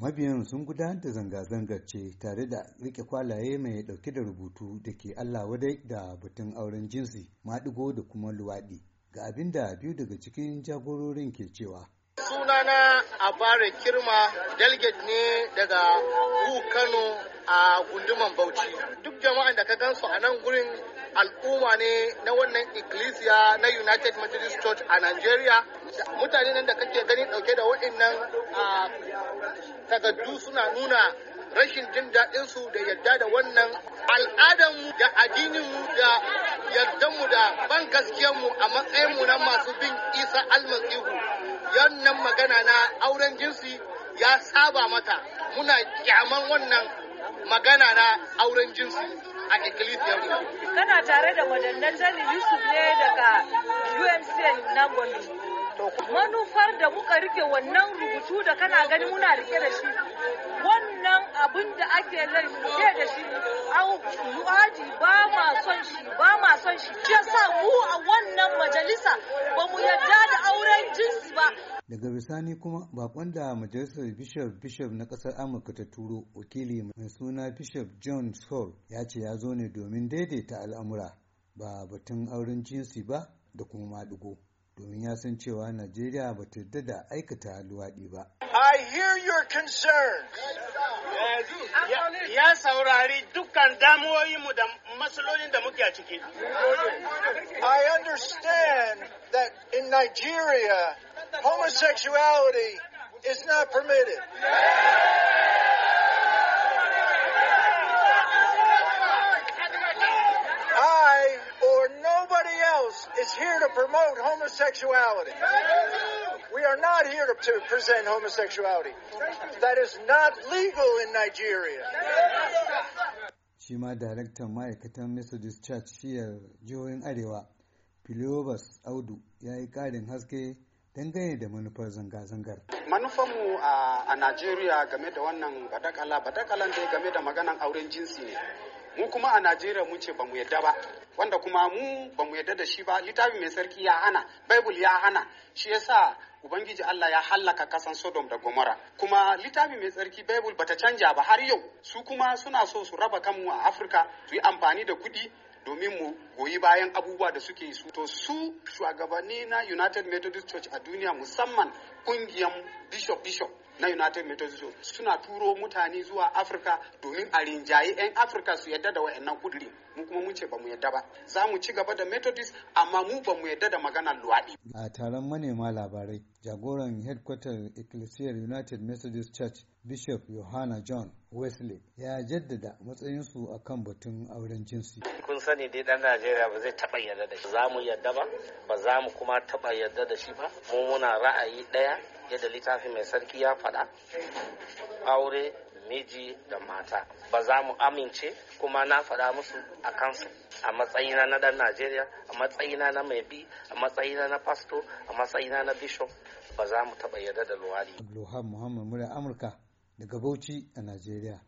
mabiyan sun gudanar da zanga-zangar ce tare da rike kwalaye mai dauke da rubutu da ke allah wadai da batun auren jinsi maɗigo da kuma luwaɗi ga abin da biyu daga cikin jagororin ke cewa sunana abare kirma delegate ne daga kano a gunduman bauchi duk jama'an da ka gansu a nan gurin al'umma ne na wannan ikkilisiya na United Methodist Church a Nigeria. Mutane nan da kake gani ɗauke da waɗannan tagaddu suna nuna rashin jin daɗinsu da yadda da wannan al'adanmu da addininmu da yardanmu da ban gaskiyanmu a matsayinmu na masu bin isa almasihu yannan magana na auren jinsi ya saba mata muna kyaman wannan magana na auren jinsi a Ecclesiar. Kana tare da madannan Jali Yusuf ne daga UMCN na Gombe. Manufar da muka rike wannan rubutu da kana gani muna rike da shi. Wannan abin da ake rike da shi, au luwaji ba ma son shi, ba ma son shi. Shi mu a wannan majalisa ba mu yarda jinsi ba daga bisani kuma bakon da majalisar bishop bishop na kasar amurka ta turo wakili mai suna bishop john Saul ya ce ya zo ne domin daidaita al'amura ba batun auren jinsi ba da kuma maɗigo domin ya san cewa najeriya ba ta yarda da aikata luwaɗi ba i hear your concerns ya saurari dukkan damuwoyinmu da matsalolin da muke a ciki i understand in Nigeria, homosexuality is not permitted. I or nobody else is here to promote homosexuality. We are not here to, present homosexuality. That is not legal in Nigeria. shi ma daraktan ma'aikatan methodist church shiyar jihohin arewa Filiobas Audu ya yi ƙarin haske dangane da manufar zanga-zangar. Manufarmu a Najeriya game da wannan badakala, badakalan da game da maganan auren jinsi ne. Mu kuma a Najeriya mun ce bamu yadda ba, wanda kuma mu bamu yadda da shi ba, littafi mai sarki ya hana, Baibul ya hana, shi yasa Ubangiji Allah ya hallaka kasan Sodom da Gomora. Kuma littafi mai tsarki Bible bata canja ba har yau. Su kuma suna so su raba kanmu a Afirka, su yi amfani da kuɗi domin mu goyi bayan abubuwa da suke su to su shugabanni na United Methodist Church a duniya musamman kungiyan bishop bishop na United Methodist Church suna turo mutane zuwa Afirka domin a rinjaye 'yan Afirka su yadda da wayannan kudirin mu kuma mun ce ba mu yadda ba za mu ci gaba da methodist amma mu ba mu yadda da maganar luwaɗi. a taron manema labarai jagoran headquarter ecclesiar united methodist church bishop yohana john wesley ya jaddada matsayinsu a kan batun auren jinsi kun sani dai dan najeriya ba zai taɓa yadda da shi za mu yadda ba ba za mu kuma taɓa yadda da shi ba mu muna ra'ayi ɗaya yadda littafi mai sarki ya faɗa aure miji da mata ba za mu amince kuma na faɗa musu a kansu a matsayina na ɗan najeriya a matsayina na mai bi a matsayina na pasto a matsayina na bishop ba za mu taɓa yarda da luwali. Abdulhamid Muhammad Murya Amurka daga Bauchi a Najeriya.